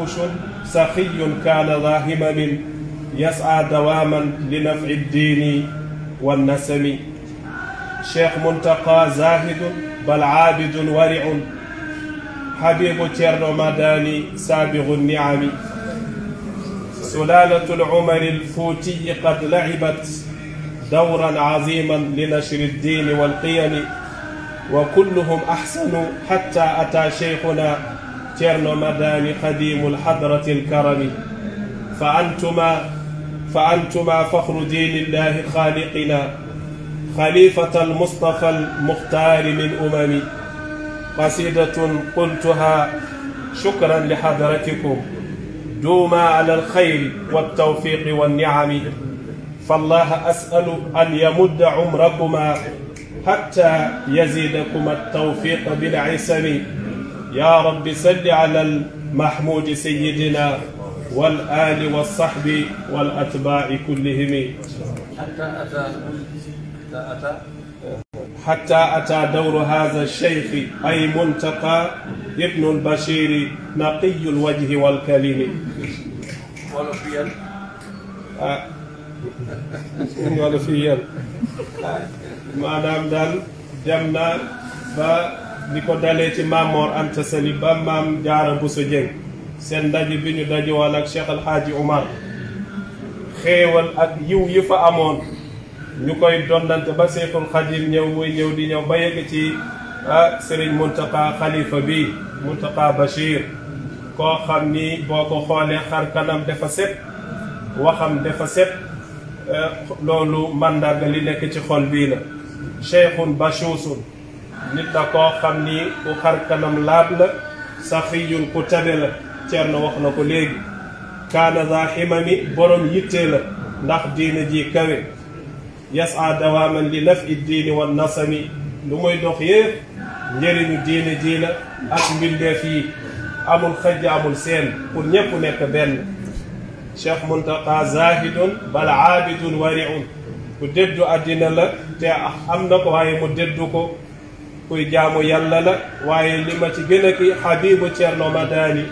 محشوش سخي كان ذا همم يسعى دواما لنفع الدين والنسم شيخ منتقى زاهد بل عابد ورع حبيب تيرنو مداني سابغ النعم سلالة العمر الفوتي قد لعبت دورا عظيما لنشر الدين والقيم وكلهم أحسنوا حتى أتى شيخنا ceerno madani qadimul hadrati alkarami fa antuma fa antuma fakhru dinillahi khaliqina خليفة المصطفى المختار من أممي قصيدة قلتها شكرا لحضرتكم دوما على الخير والتوفيق والنعم فالله أسأل أن يمد عمركما حتى يزيدكم التوفيق بالعسم يا رب صل على المحمود سيدنا والآل والصحب والأتباع كلهم حتى أتى حتى أتى حتى أتى دور هذا الشيخ أي منتقى ابن البشير نقي الوجه والكلم ولفيا ولفيا maanaam daal dem na ba li ko dalee ci maam Mor Anta Sali ba maam Jaara Bousso Dieng seen ndaje bi ñu dajewoon ak Cheikh Alhaaji Oumar xéewal ak yiw yi fa amoon ñu koy dondante ba Seyxul Xadim ñëw muy ñëw di ñëw ba yegg ci ah, sëriñ Muntaqa xalifa bi Muntaqa Bachir koo xam ni boo ko xoolee xar kanam dafa set waxam dafa set eh, loolu màndarga li nekk ci xol bii la cheikhun bachuusun nit la koo xam ni bu xar laab la safiyun ku tabe la Ceerno wax na ko léegi kaana za ximami borom yitte la ndax diine ji kawe yasa dawaaman li nafi diini wan nasami lu muy dox yépp njëriñu diine ji la ak mbindeef yi amul xëj amul seen pour ñépp nekk benn cheikh muntaqa zahidun bal aabidun wariun ku déddu àddina la te am na ko waaye mu déddu ko kuy jaamu yàlla la waaye li ma ci gën a ki xabibu Cerno Madani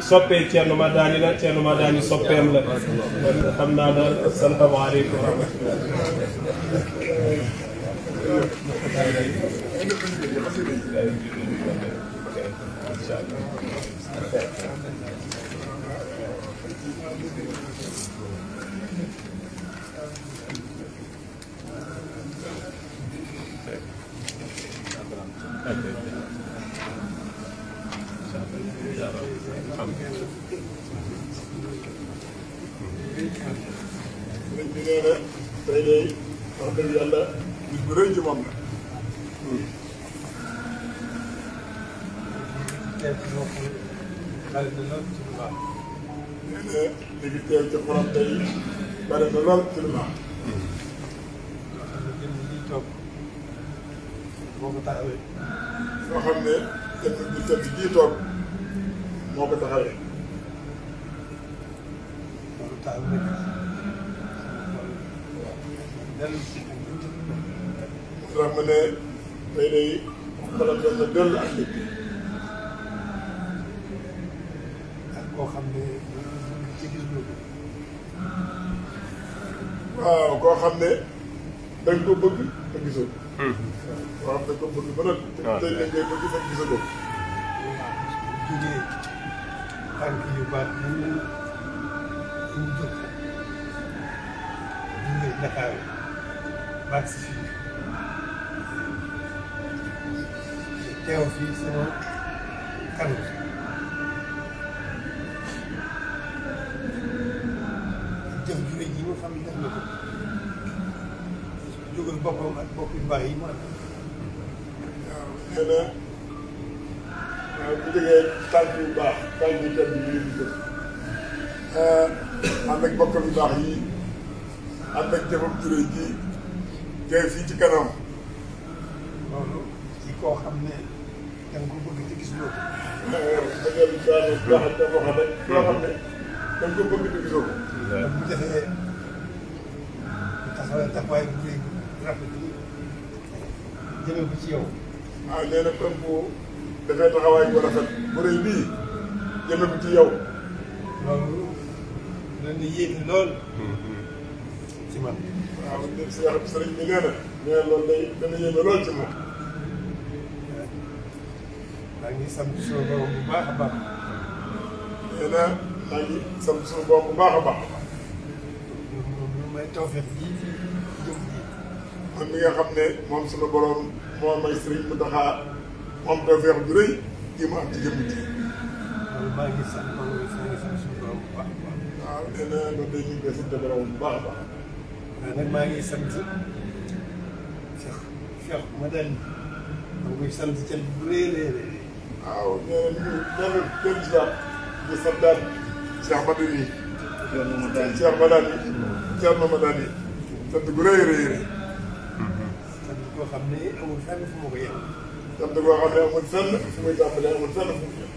soppee Cerno la Cerno soppeem la kon xam naa daal asalaamaaleykum ne na li fi teew ci xorom tey bare na lool ci lu baax. moo ko taxawee. soo xam ne jënd bu tëdd jii toog moo ko taxawee. loolu taxaw rek. dellu si ak tuuti. moo tax mu ne tey day xoolal doon na dellu ak lépp. ak koo xam ne. waaw koo xam ne dañ ko bëgg te gisoo waaw hmm. dañ ko bëgg ba nag. Ah. waaw tey dañ koy bëgg te gisoo ko. tànk yu baax yi ñu jóg jógee Dakar baax si fii teew fii sama kanam boppam ak boppi bàyyi yi mu rafet. waaw nee na bu jógee tànk yu baax tànk yu tedd yi ñu jël eh, ànd ak bokkam yu baax yi ànd ak jëfam turé ji ci kanam. ne da nga ko bëgg te gis loo ko. waaw eh, da nga ko bëgg te xam ne da nga ko bëgg te gisoo ko. bu rafet yi jëmee ko ci yow. waaw nee na comme bu dafay taxawaay bu bu rëy bii jëmee ko ci yow. loolu dañ lool. ci man. waaw léegi si yàlla sëriñ bi nee na. nee na loolu day dana yéeme lool ci moom. maa ngi sant suñu borom bu baax a na maa ngi sant suñu borom bu baax a baax. may tawfeex ji. man mi nga xam ne moom suñu borom moo may Serigne Mountakha moom dafa feex ju rëy ji ma am ci jëmm ji. maa ngi sant maa ngi sant suñu borom bu baax a baax. waaw nee na loolu day ñu ngi koy sant borom bu baax a baax. waaw nag maa ngi sant Cheikh Cheikh Madani maa ngi koy sant ca bu rëy a rëy. waaw nee na ñu nee na kenn si waat di sant daal Cheikh Madani. Cheikh Madani Cheikh Madani sant bu rëy a rëy. koo xam ne amul fenn fu mu ko yem. sant koo xam ne amul fenn fu muy tàmbalee amul fenn fu mu yem.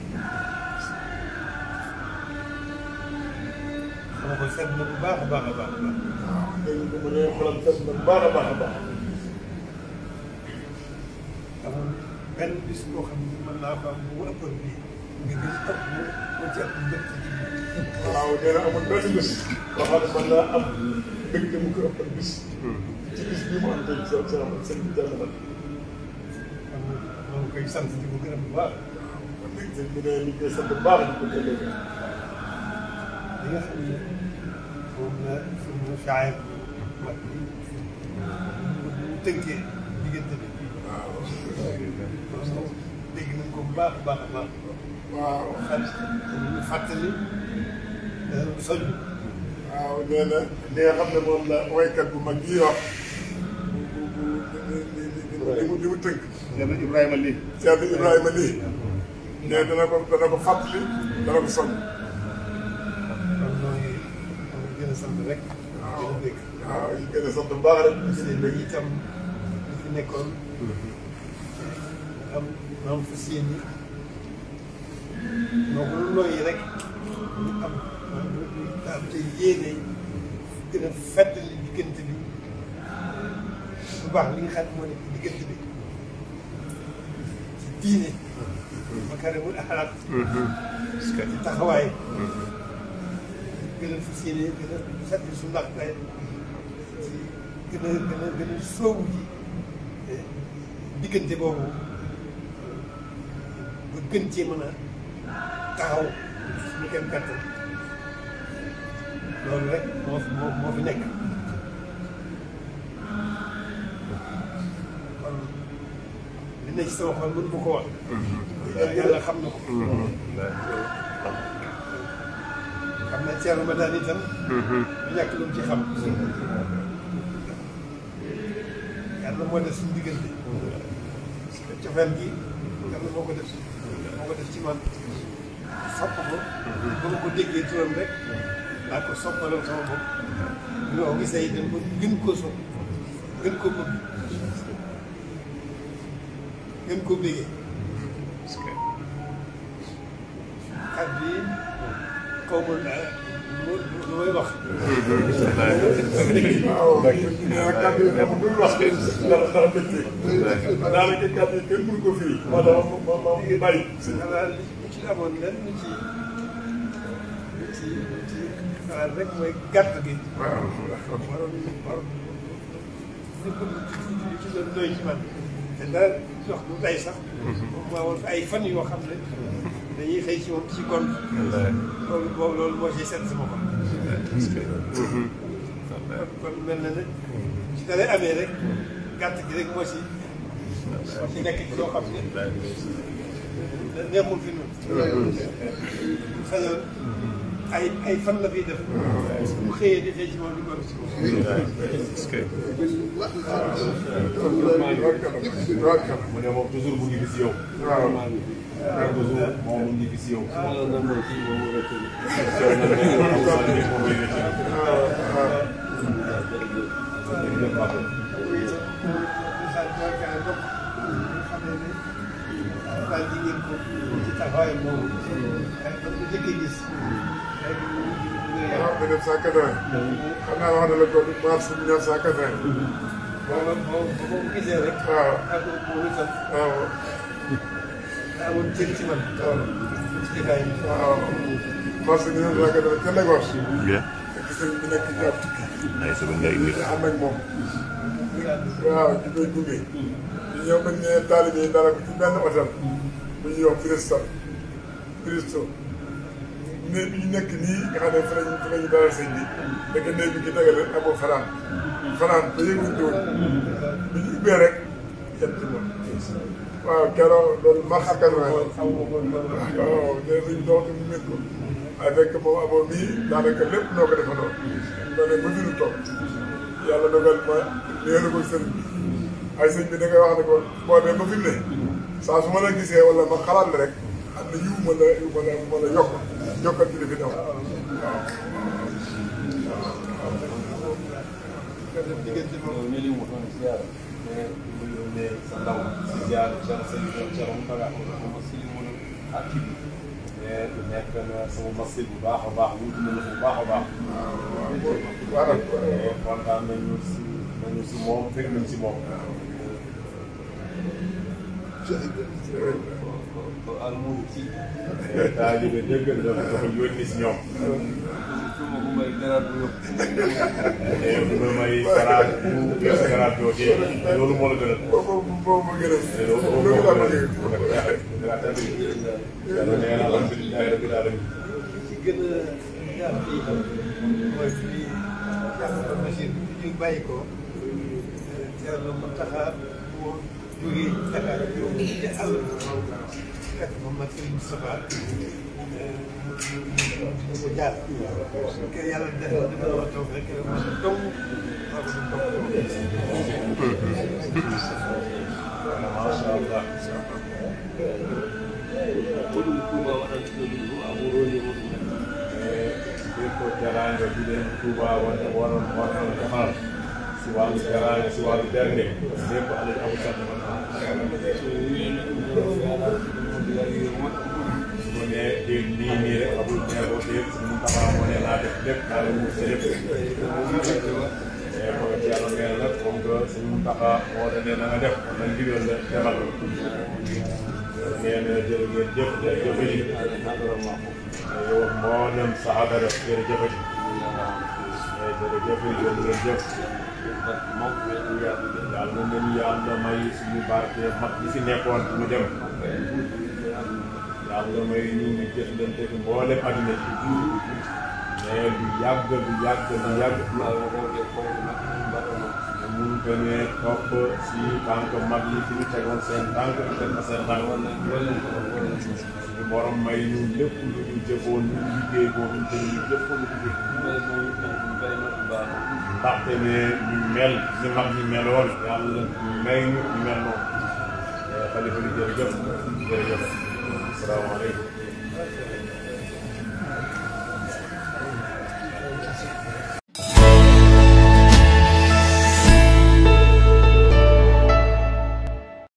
dama ko seet na bu baax a baax a baax a baax. waaw dégg nga bu dee xolam seet na bu baax a baax a baax. amul benn bis boo xam ne mën naa ko am bu ëppoon bii nga gis ëpp mu ci ëpp njëkk waaw nee na amul benn bés boo xam ne mën naa am dëgg mu ko ëpp bis. ci bis bii mu am tey seen seen seen jàmm nag. maa ngi koy sant di ko gërëm bu baax. sëñ bi nee nañ koy sant bu baax di ko gërëm. li nga xam ne moom la suñu shaayir mag bi mu tënkee. dégg nañ ko bu baax a baax a baax. waaw xam nga fàttali. Euh, soñ. waaw nee na li nga xam ne moom la waykat bu mag bii wax. li mu li mu tënk. Thierno Ibrahima lii. Thierno Ibrahima lii. nee dana ko dana ko fàttali dana ko soñ. gën a sant rek. waaw waaw ñu gën a sant bu baax rek. parce que itam li fi nekkoon. Mm-hmm. xam maam fas yéene moo ko nooyi rek ñu am ñu am te yéene gën a fàttali diggante bi bu baax li nga xam moo nekk bi ci diine makarimul axlaaq ci mm-hmm. taxawaay mm-hmm. gën a fas yéene gën a fàttali su ndax ci gën a gën a gën a soowu ji diggante boobu gën cee mën a taxaw suñu kenn kàttan loolu rek moo moo moo fi nekk kon li bu ko wax mm-hmm. yàlla xam na ko mm-hmm. xam na Thierno ba itam bu mm-hmm. ñàkk lu ci xam yàlla moo def suñu diggante cofeel gi yàlla moo ko def ko def ci man sopp ko ba ko déggee turam rek daa ko soppaloon sama bopp bi ma gisee yi dañ ko gën koo sopp gën koo bëgg gën koo bëggee. kàddu yi kaw ma lu may wax. waaw kàddu yi dafa dul wax kenn dara dara dëkk bi. daanaka kàddu yi kenn mënu ko firi. moo tax ma ma ma ngi bàyyi. xanaa li ci amoon lenn ci li ci li ci xalaat rek mooy gàtt gi. waaw waroon waroon li ci doon doy ci man. te dara wax du tey sax. moom maa woon ay fan yoo xam ne. dañuy xëy ci moom ci kon. loolu boobu loolu moo ciy seet sama xol. kon mel na ne ci da lay amee rek gàtt gi rek moo ci. moo ci nekk ci loo xam ne. neexul fi noonu. xëyoon ay ay fan la fiy def. bu xëyee di xëy ci moom di ko ci moom. est-ce que. kon loolu moom toujours mu ngi gis yow. Erdoğan onun nefisi yok. daal di ngeen ko ci taxawaayam boobu. ba bu njëkk a gis. waaw 1980. xam naa wax na la ko mars 1980. boobu boo ko gisee rek. waaw ak boobu itam. waaw. amoon waaw ci jotaay bi. waaw parce que ñun ragal na ca Lagos. bien. fekk sëriñ moom. waaw di koy gunge. ñoom dañ ne taalibe yi dara ko ci benn hôtel. bu ñuy wax Christo. Christo. néeg bi ñu nekk nii nga xam ne fa lañu fa lañu dalal sëñ bi. fekk néeg bi ki tegale amoo fanaan. fanaan ba yënguñu woon. bu ñu ubbee rek jant moom. waaw keroog loolu mars ak kanam waaw waaw léegi dox ñu mën ko waaye fekk moom amoo mii daanaka lépp noo ko defandoo. loolu yëpp mënuñu toog yàlla dogal ma léegi ko sëriñ bi ay sëñ bi da ngay wax ne ko boo dee ba fi mu saa su ma la gisee wala ma xalaat la rek am na yiw ma la yiw ma la ma la mu ne sa ndaw si ziar Cheikh Seydou Cheikh Moutaga ma si li mën a ak kii bi nekk na sama masjid bu baax a baax wuti na bu baax a baax kontaan nañu si nañu si moom fekk nañ si moom almu ci taalibe dëgg la dafa yónni si ñoom may garaat bu may garaat bu garaat yooyu loolu moo la gën a. boobu boobu ma gën a. loolu boobu ma gën a. garaat yooyu. garaat kat moom ak Serigne Moustapha ñu ko jaar ke yàlla def na dafa wax toog rek ma dong waaw ko toog si wàllu teraanga si wàllu bernde lépp Alaaji Abdou Samad mu ne déet nii nii rek amul nee ko déet mu taxaw moo ne laa def lépp daal mu si lépp. ko ci yàlla mel nag comme que suñu taxaw moo ne na nga def na ndigal la defal nee na jërë ngeen jëf jërëjëf yi yow moo dem saxaaba def jërëjëf yi jërëjëf yi jërë ngeen jëf daal moom la ñu yàlla may suñu barke mag ñi fi nekkoon mu dem yàlla may ñu ñu jëflante ak mboolem àddina ci mais du yàgg du yàgg du yàgg. mun ko ne topp si tànk mag li fi ñu tegoon seen tànk ak seen seen tànk. ñu borom may ñu lépp lu jëfoon ñu liggéey ko ñu jëf ñu jëf ko ñu liggéey. ndaxte ne ñu mel ni meloon yàlla may ñu mel noonu. xalifa bi jërëjëf jërëjëf. salaamaaleykum